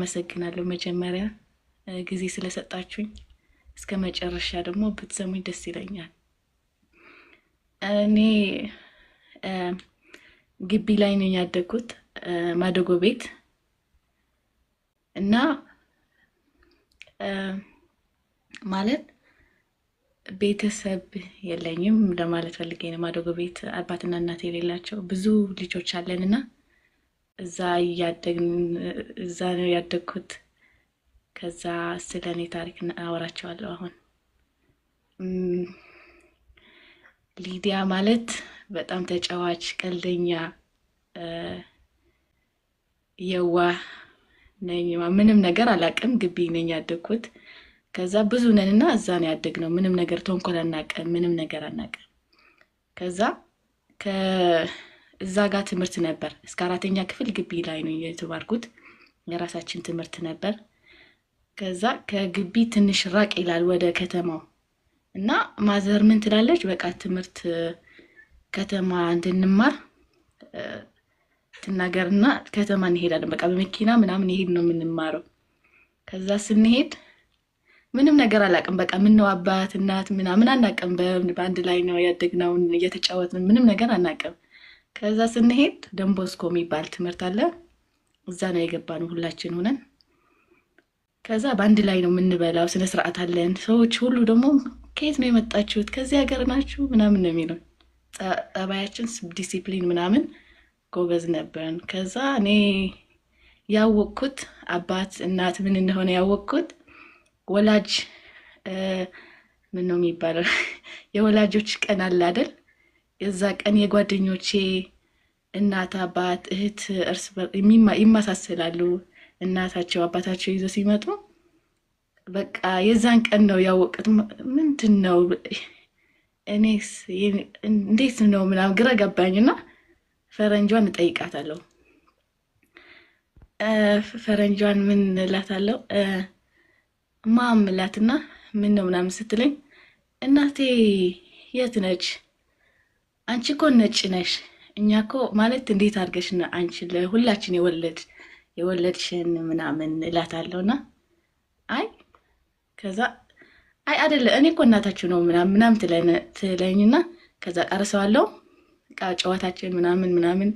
አመሰግናለሁ መጀመሪያ ጊዜ ስለሰጣችሁኝ። እስከ መጨረሻ ደግሞ ብትሰሙኝ ደስ ይለኛል። እኔ ግቢ ላይ ነው ያደግኩት ማደጎ ቤት እና ማለት ቤተሰብ የለኝም ለማለት ፈልጌ ነው። ማደጎ ቤት አባትና እናት የሌላቸው ብዙ ልጆች አለን እና እዛ እያደግን እዛ ነው ያደግኩት። ከዛ ስለ እኔ ታሪክ አወራቸዋለሁ። አሁን ሊዲያ ማለት በጣም ተጫዋች፣ ቀልደኛ፣ የዋ ነኝ። ምንም ነገር አላቅም። ግቢ ነኝ ያደግኩት። ከዛ ብዙ ነን እና እዛ ነው ያደግነው። ምንም ነገር ተንኮል አናቀም። ምንም ነገር አናቀም። ከዛ እዛ ጋር ትምህርት ነበር። እስከ አራተኛ ክፍል ግቢ ላይ ነው የተማርኩት። የራሳችን ትምህርት ነበር። ከዛ ከግቢ ትንሽ ራቅ ይላል ወደ ከተማው እና ማዘር ምን ትላለች፣ በቃ ትምህርት ከተማ እንድንማር ትናገርና ከተማ እንሄዳለን። በቃ በመኪና ምናምን ይሄድ ነው የምንማረው። ከዛ ስንሄድ ምንም ነገር አላውቅም። በቃ ምነው አባት እናት ምናምን አናውቅም። በአንድ ላይ ነው ያደግነው፣ እየተጫወትን ምንም ነገር አናውቅም። ከዛ ስንሄድ ደንቦስኮ የሚባል ትምህርት አለ። እዛ ነው የገባነው ሁላችን ሆነን። ከዛ በአንድ ላይ ነው የምንበላው፣ ስነ ስርዓት አለን። ሰዎች ሁሉ ደግሞ ከየት ነው የመጣችሁት? ከዚህ ሀገር ናችሁ ምናምን ነው የሚለው። ጠባያችን ዲሲፕሊን ምናምን ጎበዝ ነበርን። ከዛ እኔ ያወቅኩት አባት እናት ምን እንደሆነ ያወቅኩት ወላጅ ምን ነው የሚባለው የወላጆች ቀን አለ አይደል? የዛ ቀን የጓደኞቼ እናት አባት እህት እርስ ይመሳሰላሉ። እናታቸው አባታቸው ይዘው ሲመጡ በቃ የዛን ቀን ነው ያወቅት። ምንድን ነው እኔስ እንዴት ነው ምናምን ግራ ገባኝና ፈረንጇን እጠይቃታለሁ። ፈረንጇን ምን እላታለሁ ማም እላትና ምን ነው ምናምን ስትለኝ እናቴ የት ነች አንቺ እኮ ነጭ ነሽ። እኛ እኮ ማለት እንዴት አድርገሽ አንቺ ለሁላችን የወለድ የወለድሽን ምናምን እላታለሁ እና አይ ከዛ አይ አደለ እኔ እኮ እናታችሁ ነው ምናምን ምናምን ትለኝና ከዛ ጨርሰዋለሁ ቃ ጨዋታችን ምናምን ምናምን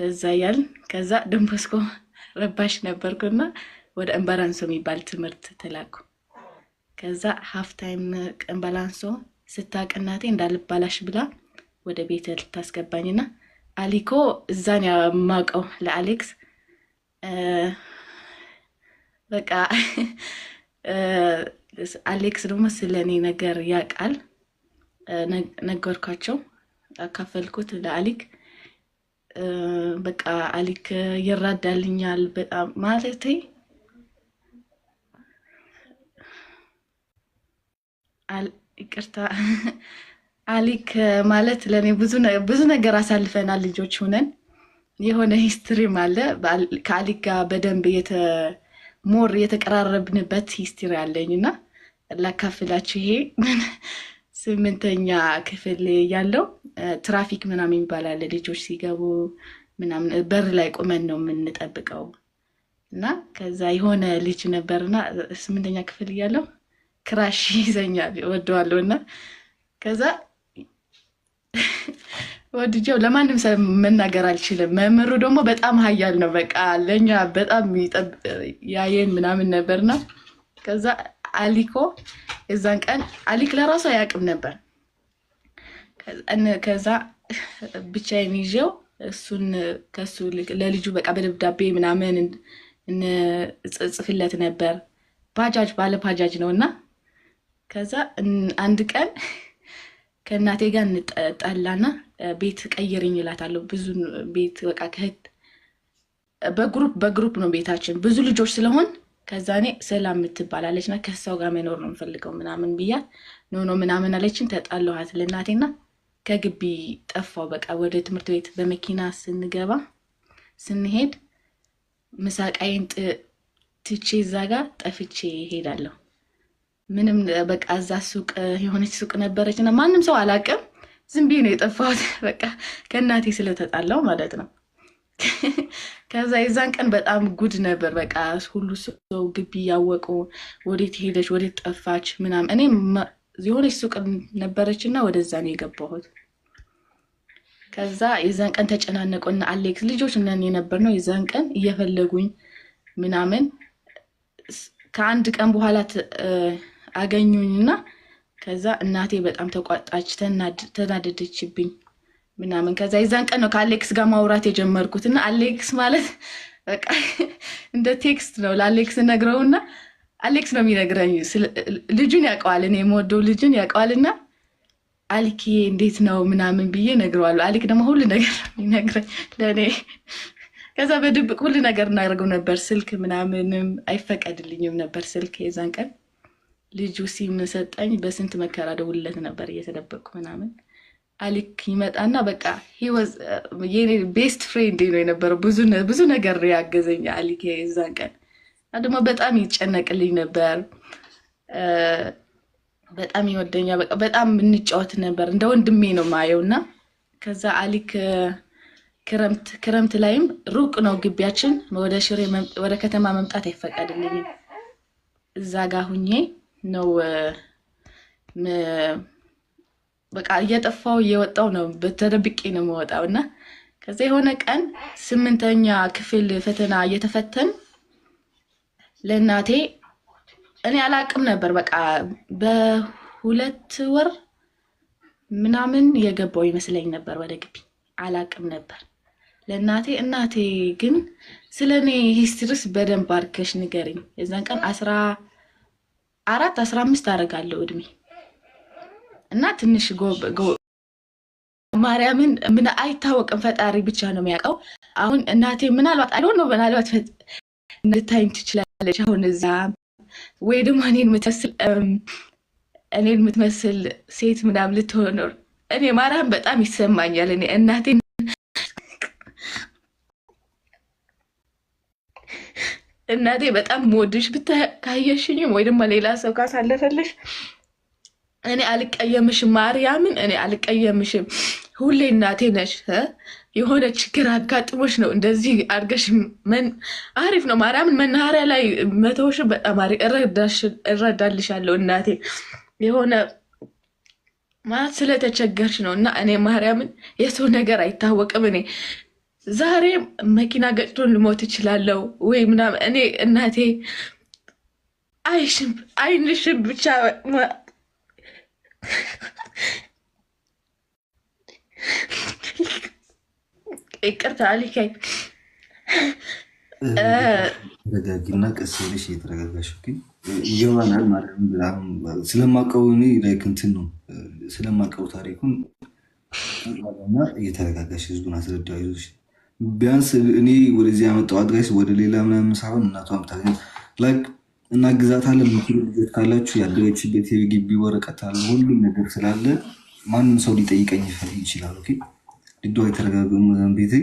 ደዛ እያልን ከዛ ደንበስኮ ረባሽ ነበርኩና ወደ እምባላንሶ የሚባል ትምህርት ተላኩ። ከዛ ሀፍታይም እምባላንሶ ስታቅ እናቴ እንዳልባላሽ ብላ ወደ ቤት ልታስገባኝና አሊኮ እዛን ያማቀው ለአሌክስ በቃ አሌክስ ደግሞ ስለ እኔ ነገር ያውቃል። ነገርኳቸው፣ አካፈልኩት ለአሊክ በቃ አሊክ ይራዳልኛል በጣም ማለቴ ይቅርታ አሊክ ማለት ለእኔ ብዙ ነገር አሳልፈናል። ልጆች ሁነን የሆነ ሂስትሪም አለ ከአሊክ ጋር በደንብ ሞር የተቀራረብንበት ሂስትሪ አለኝ እና ላካፍላችሁ። ይሄ ስምንተኛ ክፍል ያለው ትራፊክ ምናምን ይባላል። ልጆች ሲገቡ ምናምን በር ላይ ቁመን ነው የምንጠብቀው እና ከዛ የሆነ ልጅ ነበርና ስምንተኛ ክፍል እያለው ክራሽ ይዘኛል ወደዋለሁ እና ከዛ ወድጀው ለማንም መናገር አልችልም። መምህሩ ደግሞ በጣም ሀያል ነው። በቃ ለእኛ በጣም ያየን ምናምን ነበርና ከዛ አሊኮ የዛን ቀን አሊክ ለራሱ አያውቅም ነበር። ከዛ ብቻዬን ይዤው እሱን ከሱ ለልጁ በቃ በደብዳቤ ምናምን ጽፍለት ነበር። ባጃጅ ባለ ባጃጅ ነው እና ከዛ አንድ ቀን ከእናቴ ጋር እንጠላና ቤት ቀይርኝ እላታለሁ። ብዙ ቤት በቃ ከህት በግሩፕ በግሩፕ ነው ቤታችን ብዙ ልጆች ስለሆን ከዛ እኔ ሰላም የምትባላለች እና ከሰው ጋር መኖር ነው የምፈልገው ምናምን ብያት ኖኖ ምናምን አለችን። ተጣለኋት ለእናቴና ከግቢ ጠፋው። በቃ ወደ ትምህርት ቤት በመኪና ስንገባ ስንሄድ ምሳቃይን ትቼ እዛ ጋር ጠፍቼ ይሄዳለሁ። ምንም በቃ እዛ ሱቅ የሆነች ሱቅ ነበረች እና ማንም ሰው አላቅም። ዝም ብዬ ነው የጠፋሁት። በቃ ከእናቴ ስለተጣላው ማለት ነው። ከዛ የዛን ቀን በጣም ጉድ ነበር። በቃ ሁሉ ሰው ግቢ ያወቁ ወዴት ሄደች፣ ወዴት ጠፋች ምናምን። እኔ የሆነች ሱቅ ነበረች እና ወደዛ ነው የገባሁት። ከዛ የዛን ቀን ተጨናነቁና አሌክስ ልጆች ነን የነበር ነው የዛን ቀን እየፈለጉኝ ምናምን ከአንድ ቀን በኋላ አገኙኝና ከዛ እናቴ በጣም ተቋጣች፣ ተናደደችብኝ ምናምን። ከዛ የዛን ቀን ነው ከአሌክስ ጋር ማውራት የጀመርኩት እና አሌክስ ማለት በቃ እንደ ቴክስት ነው። ለአሌክስ ነግረውና አሌክስ ነው የሚነግረኝ። ልጁን ያውቀዋል፣ እኔ የምወደው ልጁን ያውቀዋልና አልኬ እንዴት ነው ምናምን ብዬ ነግረዋለሁ። አሊክ ደግሞ ሁሉ ነገር ይነግረኝ ለእኔ። ከዛ በድብቅ ሁሉ ነገር እናደርገው ነበር። ስልክ ምናምንም አይፈቀድልኝም ነበር ስልክ የዛን ቀን ልጁ ሲመሰጠኝ በስንት መከራ ደውልለት ነበር እየተደበቅኩ ምናምን አሊክ ይመጣና በቃ ቤስት ፍሬንድ uh, ነው የነበረው። ብዙ ነገር ያገዘኝ አሊክ የዛን ቀን ደግሞ በጣም ይጨነቅልኝ ነበር። uh, በጣም ይወደኛ በቃ በጣም እንጫወት ነበር። እንደ ወንድሜ ነው ማየው እና ከዛ አሊክ uh, ክረምት ክረምት ላይም ሩቅ ነው ግቢያችን። ወደ ሽሬ ወደ ከተማ መምጣት አይፈቀድልኝም እዛ ጋር ሁኜ ነው በቃ እየጠፋው እየወጣው ነው። በተደብቄ ነው የምወጣው እና ከዛ የሆነ ቀን ስምንተኛ ክፍል ፈተና እየተፈተን ለእናቴ እኔ አላቅም ነበር። በቃ በሁለት ወር ምናምን የገባው ይመስለኝ ነበር ወደ ግቢ አላቅም ነበር። ለእናቴ እናቴ ግን ስለ እኔ ሂስትሪስ በደንብ አድርገሽ ንገርኝ የዛን ቀን አስራ አራት አስራ አምስት አደርጋለሁ እድሜ እና ትንሽ ማርያምን ምን አይታወቅም፣ ፈጣሪ ብቻ ነው የሚያውቀው። አሁን እናቴ ምናልባት አይ ነው ምናልባት ልታይም ትችላለች። አሁን እዛ ወይ ደግሞ እኔን የምትመስል እኔን የምትመስል ሴት ምናምን ልትሆኖር እኔ ማርያም በጣም ይሰማኛል። እኔ እናቴ እናቴ በጣም መወድሽ ብታካየሽኝም ወይ ደግሞ ሌላ ሰው ካሳለፈልሽ እኔ አልቀየምሽም። ማርያምን እኔ አልቀየምሽም። ሁሌ እናቴ ነሽ። የሆነ ችግር አጋጥሞች ነው እንደዚህ አድርገሽ አሪፍ ነው። ማርያምን መናኸሪያ ላይ መተውሽ በጣም አሪፍ እረዳልሻለሁ እናቴ። የሆነ ማለት ስለተቸገርሽ ነው እና እኔ ማርያምን የሰው ነገር አይታወቅም እኔ ዛሬ መኪና ገጭቶን ልሞት እችላለሁ ወይ ምናምን። እኔ እናቴ አይሽም አይንሽም ብቻ ይቅርታ አልካኝ። ተረጋጊና ቀስ ብለሽ እየተረጋጋሽ ይገባናል ማለት ነው። ስለማውቀው እኔ ላይክ እንትን ነው ስለማውቀው ታሪኩን እየተረጋጋሽ ህዝቡን አስረዳ ይዞሽ ቢያንስ እኔ ወደዚህ ያመጣው አድራይስ ወደ ሌላ ምናምን ሳይሆን እናቷ ምታገኝ ላይክ እና ግዛት አለ ምክሩ ልጆች ካላችሁ ያደረችበት የግቢ ወረቀት አለ ሁሉም ነገር ስላለ ማንም ሰው ሊጠይቀኝ ይችላል። ኦኬ የተረጋገሙ ቤቴ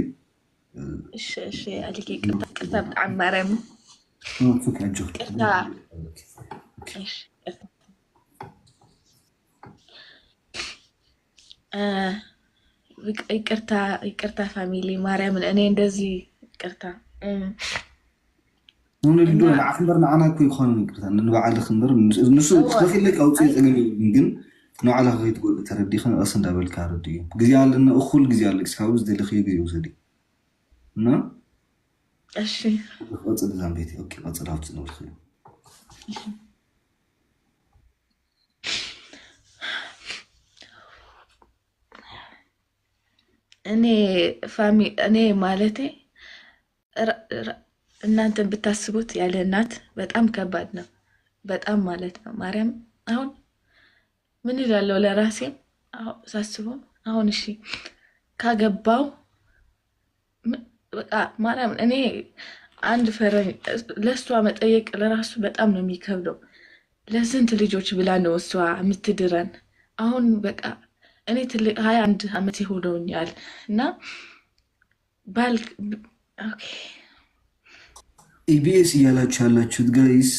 ይቅርታ ይቅርታ ፋሚሊ ማርያምን እኔ እንደዚህ ይቅርታ ንዱ ንዓት እምበር ንዓና ኮ ይኮነ ይቅርታ ንባዕልክ እምበር ንሱ ተኺለክ ኣውፅኢ ፀገም ግን ንባዕልክ ከይትጎልእ ተረዲኸ ንቀስ እንዳበልካ ረዲ እዩ ግዜ ኣለና እኩል ግዜ ኣለክ ስካብ ዝደለክዮ ግዜ ውሰድ እና እሺ ቀፅል ዛንቤት ቀፅል ኣብቲ ንብልክ እዩ እኔ ፋሚ እኔ ማለቴ እናንተን ብታስቡት ያለ እናት በጣም ከባድ ነው። በጣም ማለት ነው። ማርያም አሁን ምን ይላለው ለራሴ ሳስበው አሁን እሺ ካገባው በቃ ማርያም እኔ አንድ ፈረኝ ለእሷ መጠየቅ ለራሱ በጣም ነው የሚከብደው። ለስንት ልጆች ብላ ነው እሷ የምትድረን አሁን በቃ እኔ ትልቅ ሀያ አንድ አመት ይሆነውኛል እና ባል ኢቢኤስ እያላችሁ ያላችሁት ጋይስ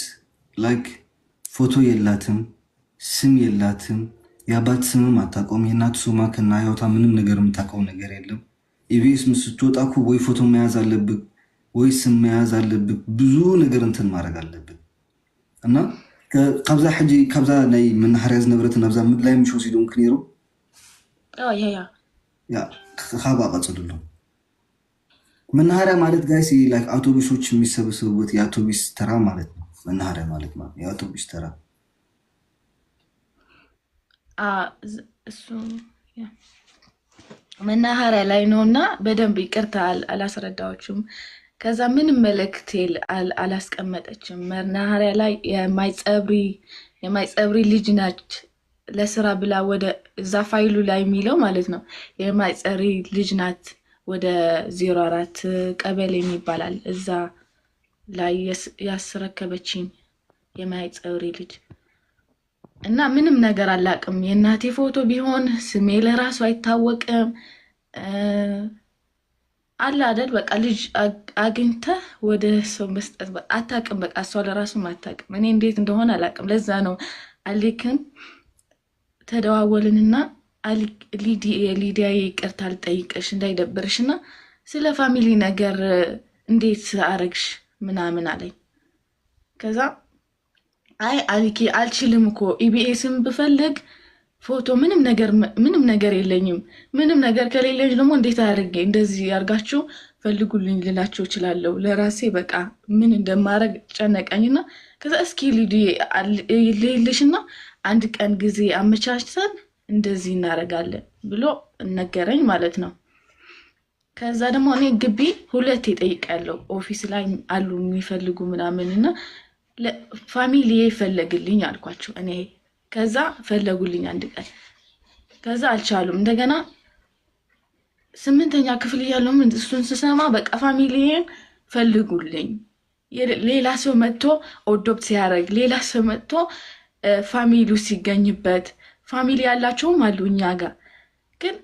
ላይክ ፎቶ የላትም፣ ስም የላትም፣ የአባት ስምም አታውቀውም፣ የእናት ሱማ ከና ህይወታ ምንም ነገር የምታውቀው ነገር የለም። ኢቢኤስ ስትወጣ እኮ ወይ ፎቶ መያዝ አለብህ ወይ ስም መያዝ አለብህ፣ ብዙ ነገር እንትን ማድረግ አለብህ እና ካብዛ ሕጂ ካብዛ ናይ መናሕርያ ዝነበረት ኣብዛ ምድላይ ምሽ ወሲዶም ክነይሩ ja, ቀጽሉ መናኸሪያ ማለት ጋይስ ላይ አውቶቡሶች የሚሰበሰቡበት የአውቶቡስ ተራ ማለት ነው። መናኸሪያ ማለት ማለት የአውቶቡስ ተራ እሱ መናኸሪያ ላይ ነው እና በደንብ ይቅርታ አላስረዳዎችም። ከዛ ምንም መልእክት አላስቀመጠችም። መናኸሪያ ላይ የማይጸብሪ ልጅ ናች ለስራ ብላ ወደ እዛ ፋይሉ ላይ የሚለው ማለት ነው የማይጸሪ ልጅ ናት ወደ ዜሮ አራት ቀበሌ ይባላል። እዛ ላይ ያስረከበችኝ የማይጸሪ ልጅ እና ምንም ነገር አላቅም። የእናቴ ፎቶ ቢሆን ስሜ ለራሱ አይታወቅም። አለ አደል በቃ ልጅ አግኝተ ወደ ሰው መስጠት አታቅም። በቃ እሷ ለራሱም አታቅም። እኔ እንዴት እንደሆነ አላቅም። ለዛ ነው አሊክን ተደዋወልንና ሊዲያ ይቅርታ አልጠይቀሽ እንዳይደብርሽ እና ስለ ፋሚሊ ነገር እንዴት አረግሽ ምናምን አለኝ። ከዛ አይ አልኪ አልችልም እኮ ኢቢኤስም ብፈልግ ፎቶ ምንም ነገር ምንም ነገር የለኝም። ምንም ነገር ከሌለኝ ደግሞ እንዴት አድርጌ እንደዚህ አርጋችሁ ፈልጉልኝ ልላቸው እችላለሁ። ለራሴ በቃ ምን እንደማረግ ጨነቀኝና ከዛ እስኪ ልልሽና አንድ ቀን ጊዜ አመቻችተን እንደዚህ እናደርጋለን ብሎ ነገረኝ ማለት ነው። ከዛ ደግሞ እኔ ግቢ ሁለት ጠይቃለሁ። ኦፊስ ላይ አሉ የሚፈልጉ ምናምን እና ፋሚሊ ፈለግልኝ አልኳቸው እኔ። ከዛ ፈለጉልኝ አንድ ቀን። ከዛ አልቻሉም። እንደገና ስምንተኛ ክፍል እያለሁ እሱን ስሰማ በቃ ፋሚሊዬን ፈልጉልኝ ሌላ ሰው መጥቶ ኦዶፕት ሲያደርግ ሌላ ሰው መጥቶ ፋሚሉ ሲገኝበት ፋሚሊ ያላቸውም አሉ እኛ ጋር ግን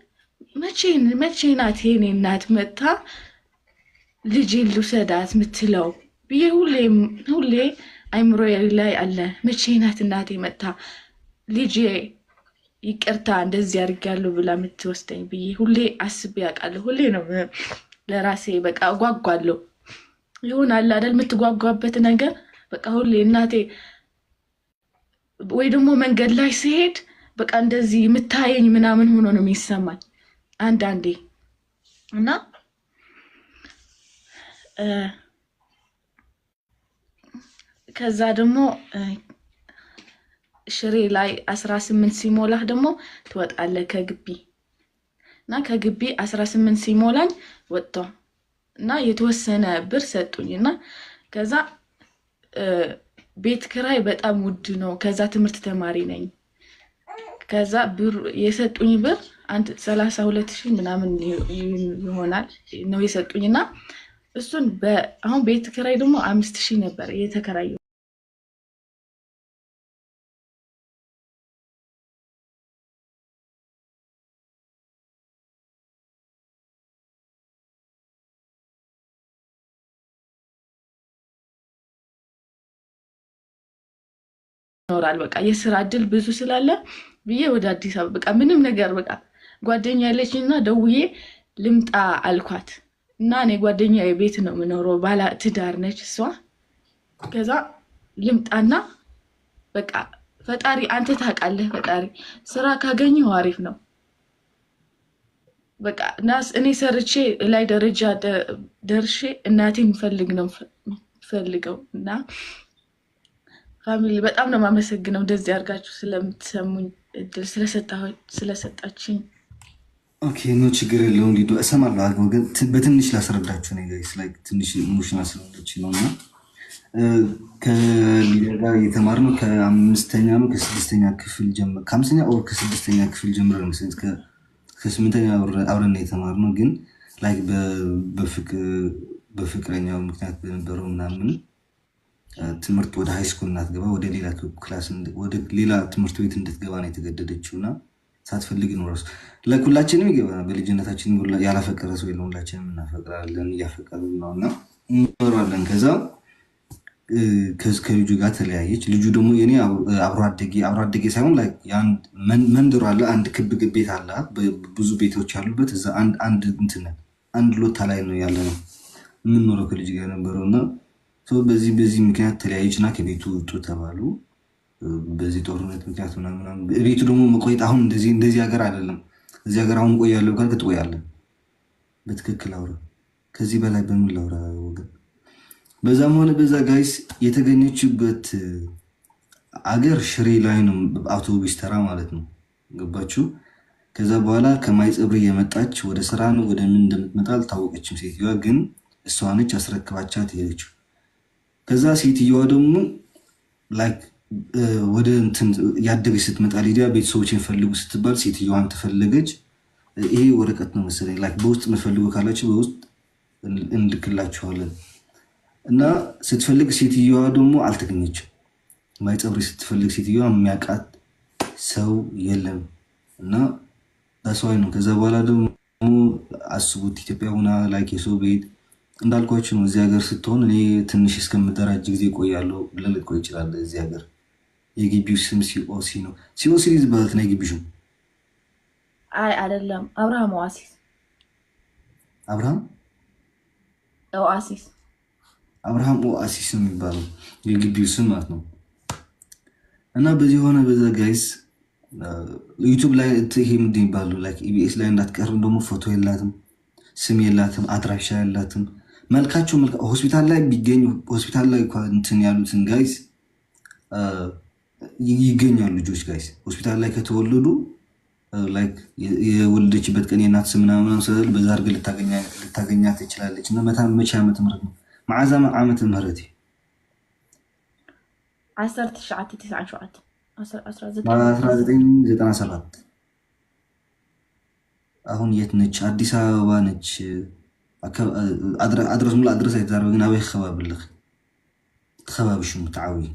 መቼ ናት የኔ እናት መጥታ ልጄን ልውሰዳት የምትለው ብዬ ሁሌ አይምሮ ላይ አለ። መቼ ናት እናቴ መጥታ ልጄ ይቅርታ እንደዚህ አድርጊያለሁ ብላ የምትወስደኝ ብዬ ሁሌ አስቤ ያውቃለሁ። ሁሌ ነው ለራሴ በቃ እጓጓለሁ። ይሁን አለ አይደል የምትጓጓበት ነገር በቃ ሁሌ እናቴ ወይ ደግሞ መንገድ ላይ ሲሄድ በቃ እንደዚህ የምታየኝ ምናምን ሆኖ ነው የሚሰማኝ አንዳንዴ እና ከዛ ደግሞ ሽሬ ላይ አስራ ስምንት ሲሞላህ ደግሞ ትወጣለህ ከግቢ እና ከግቢ አስራ ስምንት ሲሞላኝ ወጥተው እና የተወሰነ ብር ሰጡኝ እና ከዛ ቤት ክራይ በጣም ውድ ነው። ከዛ ትምህርት ተማሪ ነኝ። ከዛ ብር የሰጡኝ ብር አንድ ሰላሳ ሁለት ሺህ ምናምን ይሆናል ነው የሰጡኝ እና እሱን አሁን ቤት ክራይ ደግሞ አምስት ሺህ ነበር የተከራየው ይኖራል። በቃ የስራ እድል ብዙ ስላለ ብዬ ወደ አዲስ አበባ በቃ ምንም ነገር በቃ ጓደኛ ያለች እና ደውዬ ልምጣ አልኳት እና እኔ ጓደኛ ቤት ነው የምኖረው፣ ባለ ትዳር ነች እሷ። ከዛ ልምጣና በቃ ፈጣሪ አንተ ታውቃለህ፣ ፈጣሪ ስራ ካገኘው አሪፍ ነው በቃ ናስ እኔ ሰርቼ ላይ ደረጃ ደርሼ እናቴ ምፈልግ ነው ፈልገው እና ፋሚሊ በጣም ነው የማመሰግነው እንደዚህ አድርጋችሁ ስለምትሰሙኝ እድል ስለሰጣችኝ። ኦኬ ኖ ችግር የለውም። ሊዱ እሰማለሁ። አግባብ ግን በትንሽ ላስረዳችሁ ነገር ትንሽ ኢሞሽናል ስለሆነች ነው እና ከሊዳ ጋር የተማርነው ከአምስተኛ ነው ከስድስተኛ ክፍል ጀምሮ ከአምስተኛ ኦር ከስድስተኛ ክፍል ጀምረ ነው መሰለኝ ከስምንተኛ አብረን የተማርነው ግን ላይክ በፍቅረኛው ምክንያት በነበረው ምናምን ትምህርት ወደ ሃይስኩል እናትገባ ወደ ሌላ ክላስ ወደ ሌላ ትምህርት ቤት እንድትገባ ነው የተገደደችው እና ሳትፈልግ ኖረስ ራሱ ይገባ በልጅነታችን ያላፈቀረ ሰው የለም። ሁላችንም እናፈቅራለን እያፈቀርን ነው እና እንኖራለን። ከዛ ከልጁ ጋር ተለያየች። ልጁ ደግሞ የኔ አብሮ አደጌ አብሮ አደጌ ሳይሆን መንደሩ አለ አንድ ክብ ቤት አለ ብዙ ቤቶች ያሉበት እዛ አንድ እንትን አንድ ሎታ ላይ ነው ያለ ነው የምንኖረው ከልጅ ጋር ነበረው እና በዚህ በዚህ ምክንያት ተለያዩችና ከቤቱ ውጡ ተባሉ። በዚህ ጦርነት ምክንያት ምናምን ቤቱ ደግሞ መቆየት አሁን እንደዚህ እንደዚህ ሀገር አይደለም። እዚህ ሀገር አሁን ቆያለሁ ካልክ ትቆያለህ። በትክክል አውራ። ከዚህ በላይ በምን ላውራ ወገን? በዛም ሆነ በዛ ጋይስ የተገኘችበት አገር ሽሬ ላይ ነው። አውቶቡስ ተራ ማለት ነው። ገባችሁ? ከዛ በኋላ ከማይፀብር የመጣች ወደ ስራ ነው ወደ ምን እንደምትመጣ አልታወቀችም። ሴትዮዋ ግን እሷ ነች አስረክባቻት ሄደችው። ከዛ ሴትየዋ ደግሞ ወደ እንትን ያደገች ስትመጣ ሊዲያ ቤተሰቦችን ፈልጉ ስትባል ሴትየዋን ተፈለገች። ይሄ ወረቀት ነው መሰለኝ በውስጥ መፈልጉ ካላችሁ በውስጥ እንልክላችኋለን። እና ስትፈልግ ሴትየዋ ደግሞ አልተገኘችም። ማይፀብሪ ስትፈልግ ሴትየዋ የሚያውቃት ሰው የለም እና በሰዋይ ነው። ከዛ በኋላ ደግሞ አስቡት ኢትዮጵያ ሁና ላይክ የሰው ቤት እንዳልኳችሁ ነው። እዚህ ሀገር ስትሆን እኔ ትንሽ እስከምደራጅ ጊዜ ቆያለሁ። ልልቆ ይችላለ። እዚህ ሀገር የግቢው ስም ሲኦሲ ነው። ሲኦሲ ሊዝ በት ነው የግቢው አይ አይደለም፣ አብርሃም ኦአሲስ። አብርሃም ኦአሲስ፣ አብርሃም ኦአሲስ ነው የሚባለው የግቢው ስም ማለት ነው። እና በዚህ የሆነ በዛ ጋይስ ዩቱብ ላይ ይሄ ምንድን ይባሉ ኢቢኤስ ላይ እንዳትቀርም ደግሞ ፎቶ የላትም ስም የላትም፣ አድራሻ የላትም። መልካቸው ሆስፒታል ላይ ቢገኙ ሆስፒታል ላይ እንትን ያሉትን ጋይስ ይገኛሉ ልጆች ጋይስ ሆስፒታል ላይ ከተወለዱ የወለደችበት ቀን የእናት ስም ምናምን ስለል በዛ አድርገህ ልታገኛት ትችላለች። እና መታ መቼ ዓመተ ምህረት ነው መዓዛ ዓመተ ምህረት አሁን የት ነች? አዲስ አበባ ነች። ኣድረስ ሙሉእ ኣድረስ ኣይተዛረበ ግን ኣበይ ክኸባቢ ኣለኺ ሽሙ ተዓብዩ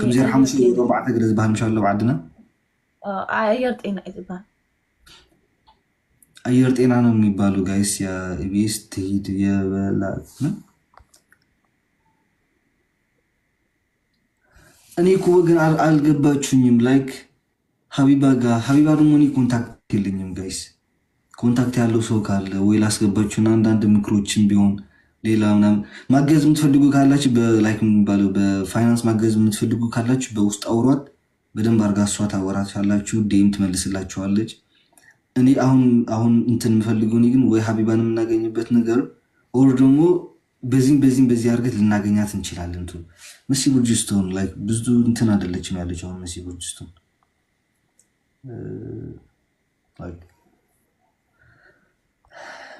ከምዚ ሓሙሽተ ኣርባዕተ ገለ ዝበሃል ምሻ ኣሎ ብዓድና ኣየር ጤና እዩ ዝበሃል ኣየር ጤና ነው የሚባሉ ጋይስ ያ ኢቢኤስ ትሂድ የበላ እኔ እኮ ግን አልገባችሁኝም ላይክ ሀቢባ ጋር ሀቢባ ደግሞ ኮንታክት የለኝም ጋይስ ኮንታክት ያለው ሰው ካለ ወይ ላስገባችሁና አንዳንድ ምክሮችን ቢሆን ሌላ ምናምን ማገዝ የምትፈልጉ ካላችሁ በላይክ የሚባለው በፋይናንስ ማገዝ የምትፈልጉ ካላችሁ በውስጥ አውሯት። በደንብ አርጋ እሷ ታወራታላችሁ፣ ዴም ትመልስላችኋለች። እኔ አሁን አሁን እንትን የምፈልገው ግን ወይ ሀቢባን የምናገኝበት ነገር ኦር ደግሞ በዚህም በዚህም በዚህ አድርገት ልናገኛት እንችላለን። ቱ መሲ ቡርጅስቶን ላይ ብዙ እንትን አደለችም ያለች አሁን መሲ ላይክ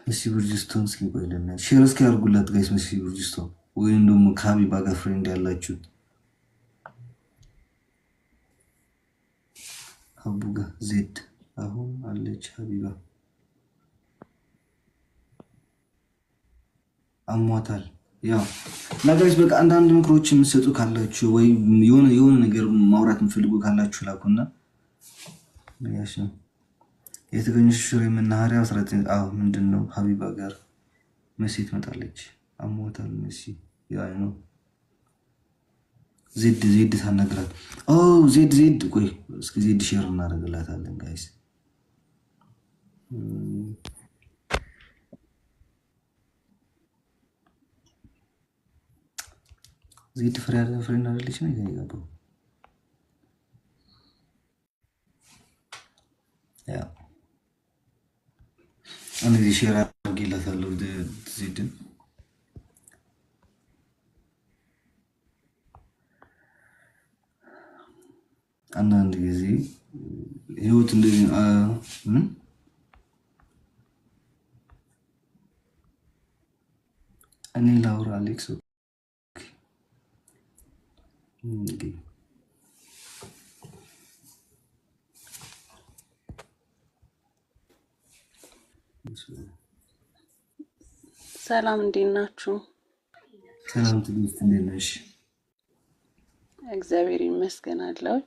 መሲ ብርጅስቶን እስኪ ቆይ ለእናትሽ ሼር እስኪ ያርጉላት ጋይስ። መሲ ብርጅስቶን ወይም ደግሞ ከሀቢባ ጋር ፍሬንድ ያላችሁት ሀቡ ጋር ዜድ አሁን አለች ሀቢባ አሟታል። ያው ነገሮች በቃ አንዳንድ ምክሮች የምትሰጡ ካላችሁ ወይ የሆነ ነገር ማውራት የምፈልጉ ካላችሁ ላኩና ያሽ ነው። የተገኘች ሽሬ መናኸሪያ አዎ፣ ምንድን ነው ሀቢባ ጋር መሲ ትመጣለች። አሞታል መሲ ያ ነው ዜድ ዜድ ሳናግራት ዜድ ዜድ ቆይ እስኪ ዜድ ሼር እናደርግላታለን ጋይስ። ዜድ ፍሬ ያለ ፍሬ እናደለች ነው ይገባ አንድ ጊዜ ሼር አድርጌላታለሁ ዜድን። አንዳንድ ጊዜ ህይወት እንደዚህ ምን እኔ ላውራ አሌክስ ሰላም እንዴት ናችሁ? ሰላም ትግስት እንዴት ነሽ? እግዚአብሔር ይመስገን አለሁኝ።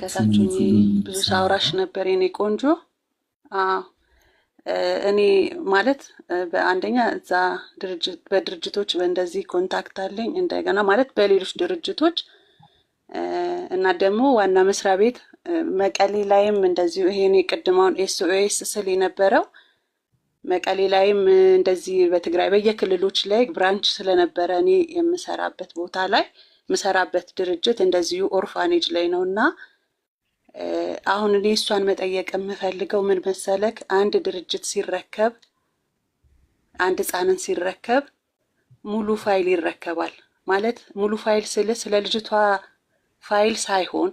ከታች ብዙ ሳውራሽ ነበር የኔ ቆንጆ። እኔ ማለት በአንደኛ እዛ ድርጅት በድርጅቶች በእንደዚህ ኮንታክት አለኝ እንደገና ማለት በሌሎች ድርጅቶች እና ደግሞ ዋና መስሪያ ቤት መቀሌ ላይም እንደዚሁ ይሄኔ ቅድማውን ኤስኦኤስ ስል የነበረው መቀሌ ላይም እንደዚህ በትግራይ በየክልሎች ላይ ብራንች ስለነበረ እኔ የምሰራበት ቦታ ላይ የምሰራበት ድርጅት እንደዚሁ ኦርፋኔጅ ላይ ነው እና አሁን እኔ እሷን መጠየቅ የምፈልገው ምን መሰለክ፣ አንድ ድርጅት ሲረከብ አንድ ህፃንን ሲረከብ ሙሉ ፋይል ይረከባል ማለት ሙሉ ፋይል ስል ስለ ልጅቷ ፋይል ሳይሆን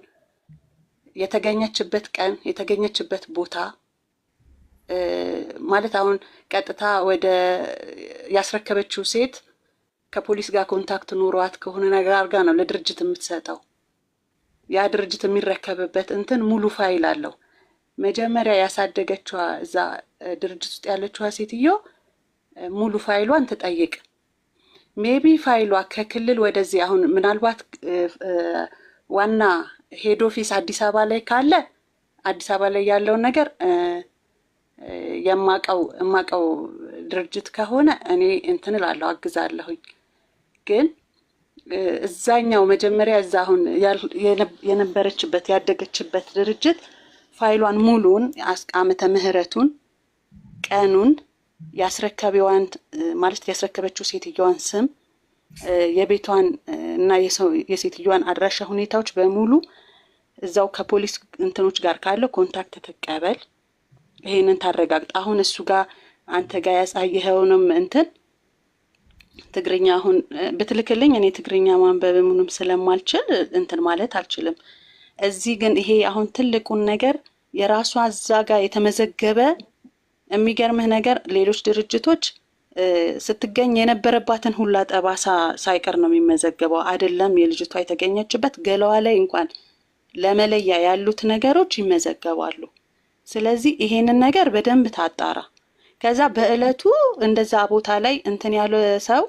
የተገኘችበት ቀን የተገኘችበት ቦታ ማለት አሁን ቀጥታ ወደ ያስረከበችው ሴት ከፖሊስ ጋር ኮንታክት ኑሯት ከሆነ ነገር አድርጋ ነው ለድርጅት የምትሰጠው። ያ ድርጅት የሚረከብበት እንትን ሙሉ ፋይል አለው። መጀመሪያ ያሳደገችዋ እዛ ድርጅት ውስጥ ያለችዋ ሴትዮ ሙሉ ፋይሏን ትጠይቅ። ሜቢ ፋይሏ ከክልል ወደዚህ አሁን ምናልባት ዋና ሄድ ኦፊስ አዲስ አበባ ላይ ካለ አዲስ አበባ ላይ ያለውን ነገር የማቀው የማቀው ድርጅት ከሆነ እኔ እንትን እላለሁ አግዛለሁኝ። ግን እዛኛው መጀመሪያ እዛ አሁን የነበረችበት ያደገችበት ድርጅት ፋይሏን ሙሉን አመተ ምህረቱን ቀኑን ያስረከቢዋን ማለት ያስረከበችው ሴትዮዋን ስም የቤቷን እና የሴትዮዋን አድራሻ ሁኔታዎች በሙሉ እዛው ከፖሊስ እንትኖች ጋር ካለው ኮንታክት ተቀበል ይሄንን ታረጋግጥ። አሁን እሱ ጋር አንተ ጋር ያሳየኸውንም እንትን ትግርኛ አሁን ብትልክልኝ እኔ ትግርኛ ማንበብ ምኑም ስለማልችል እንትን ማለት አልችልም። እዚህ ግን ይሄ አሁን ትልቁን ነገር የራሷ እዛ ጋር የተመዘገበ የሚገርምህ ነገር ሌሎች ድርጅቶች ስትገኝ የነበረባትን ሁላ ጠባሳ ሳይቀር ነው የሚመዘገበው። አይደለም የልጅቷ የተገኘችበት ገለዋ ላይ እንኳን ለመለያ ያሉት ነገሮች ይመዘገባሉ። ስለዚህ ይሄንን ነገር በደንብ ታጣራ። ከዛ በእለቱ እንደዛ ቦታ ላይ እንትን ያለ ሰው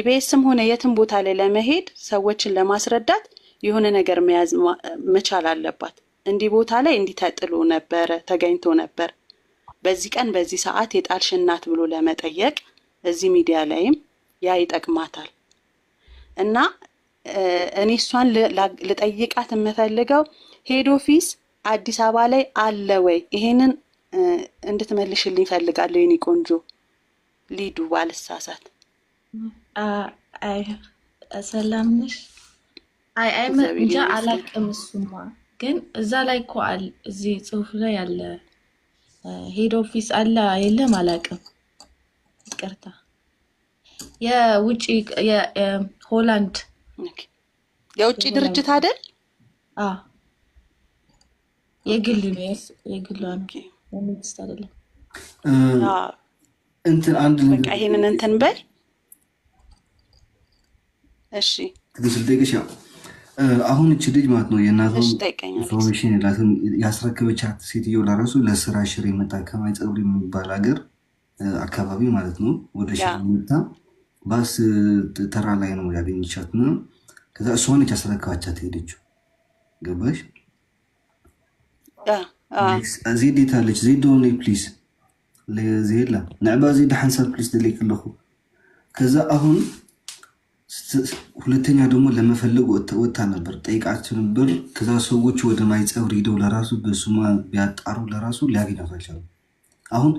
ኢቢኤስም ሆነ የትም ቦታ ላይ ለመሄድ ሰዎችን ለማስረዳት የሆነ ነገር መያዝ መቻል አለባት። እንዲህ ቦታ ላይ እንዲተጥሎ ነበር ነበረ ተገኝቶ ነበር፣ በዚህ ቀን በዚህ ሰዓት የጣልሽ እናት ብሎ ለመጠየቅ እዚህ ሚዲያ ላይም ያ ይጠቅማታል። እና እኔ እሷን ልጠይቃት የምፈልገው ሄድ ኦፊስ አዲስ አበባ ላይ አለ ወይ? ይሄንን እንድትመልሽልኝ ፈልጋለሁ የኔ ቆንጆ ሊዱ ባልሳሳት። ሰላም ነሽ? አይ አይ እንጃ አላቅም። እሱማ ግን እዛ ላይ እኮ እዚህ ጽሁፍ ላይ አለ ሄድ ኦፊስ አለ የለም አላቅም። ይቅርታ የውጭ የሆላንድ የውጭ ድርጅት አይደል? የግል የግል እንትን አንድ በቃ ይሄንን እንትን በል እሺ። ያው አሁን እች ልጅ ማለት ነው የእናቷን ኢንፎርሜሽን የላትም ሴትዮ ለራሱ ለስራ ሽር የመጣ ከማይ የሚባል ሀገር አካባቢ ማለት ነው ወደ ሽር የመጣ ባስ ተራ ላይ ነው ያገኘቻት። ከዛ እሷ ነች ሄደችው። ገባሽ? ዜዴታ ኣለች ዜደወለይ ፕሊስ ዘየላ ንዕባ ዜዳ ሓንሳብ ፕሊስ ደለይ ከለኹ ከዛ አሁን ሁለተኛ ደግሞ ለመፈለግ ወታ ነበር ጠይቃቸው ነበር። ከዛ ሰዎች ወደ ማይ ፀብር ሂደው ለራሱ በሱማ ቢያጣሩ ለራሱ ሊያገኛት አልቻሉ። አሁን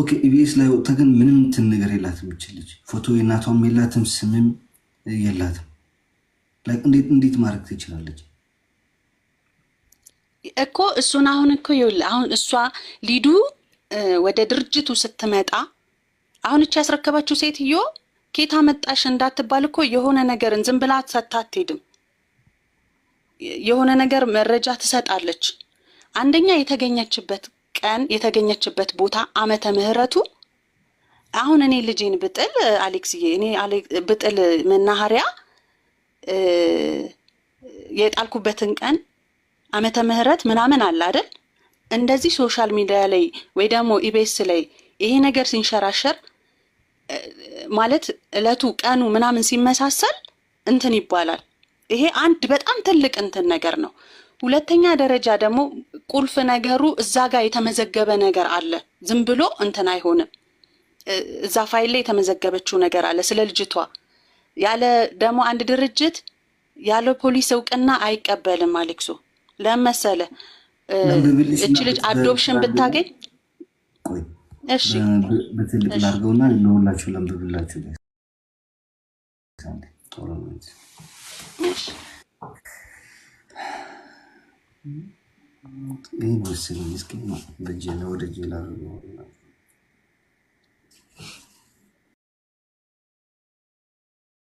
ኦኬ ኢቢኤስ ላይ ወጥታ ግን ምንም እንትን ነገር የላትም። ይችልች ፎቶ የእናቷም የላትም፣ ስምም የላትም። እንዴት ማድረግ ትችላለች? እኮ እሱን አሁን እኮ ይኸውልህ አሁን እሷ ሊዱ ወደ ድርጅቱ ስትመጣ አሁን እቺ ያስረከባችሁ ሴትዮ ኬታ መጣሽ እንዳትባል እኮ የሆነ ነገርን ዝም ብላ ሰታ አትሄድም። የሆነ ነገር መረጃ ትሰጣለች። አንደኛ የተገኘችበት ቀን የተገኘችበት ቦታ አመተ ምህረቱ አሁን እኔ ልጄን ብጥል አሌክስዬ እኔ ብጥል መናኸሪያ የጣልኩበትን ቀን አመተ ምህረት ምናምን አለ አይደል? እንደዚህ ሶሻል ሚዲያ ላይ ወይ ደግሞ ኢቤስ ላይ ይሄ ነገር ሲንሸራሸር ማለት እለቱ ቀኑ ምናምን ሲመሳሰል እንትን ይባላል። ይሄ አንድ በጣም ትልቅ እንትን ነገር ነው። ሁለተኛ ደረጃ ደግሞ ቁልፍ ነገሩ እዛ ጋር የተመዘገበ ነገር አለ። ዝም ብሎ እንትን አይሆንም። እዛ ፋይል ላይ የተመዘገበችው ነገር አለ ስለ ልጅቷ። ያለ ደግሞ አንድ ድርጅት ያለ ፖሊስ እውቅና አይቀበልም አሌክሶ ለመሰለ እች ልጅ አዶፕሽን ብታገኝ እሺ፣ በትልቅ ላድርገውና ለሁላችሁ ለምብብላችሁ ይህ ወደ ጀላ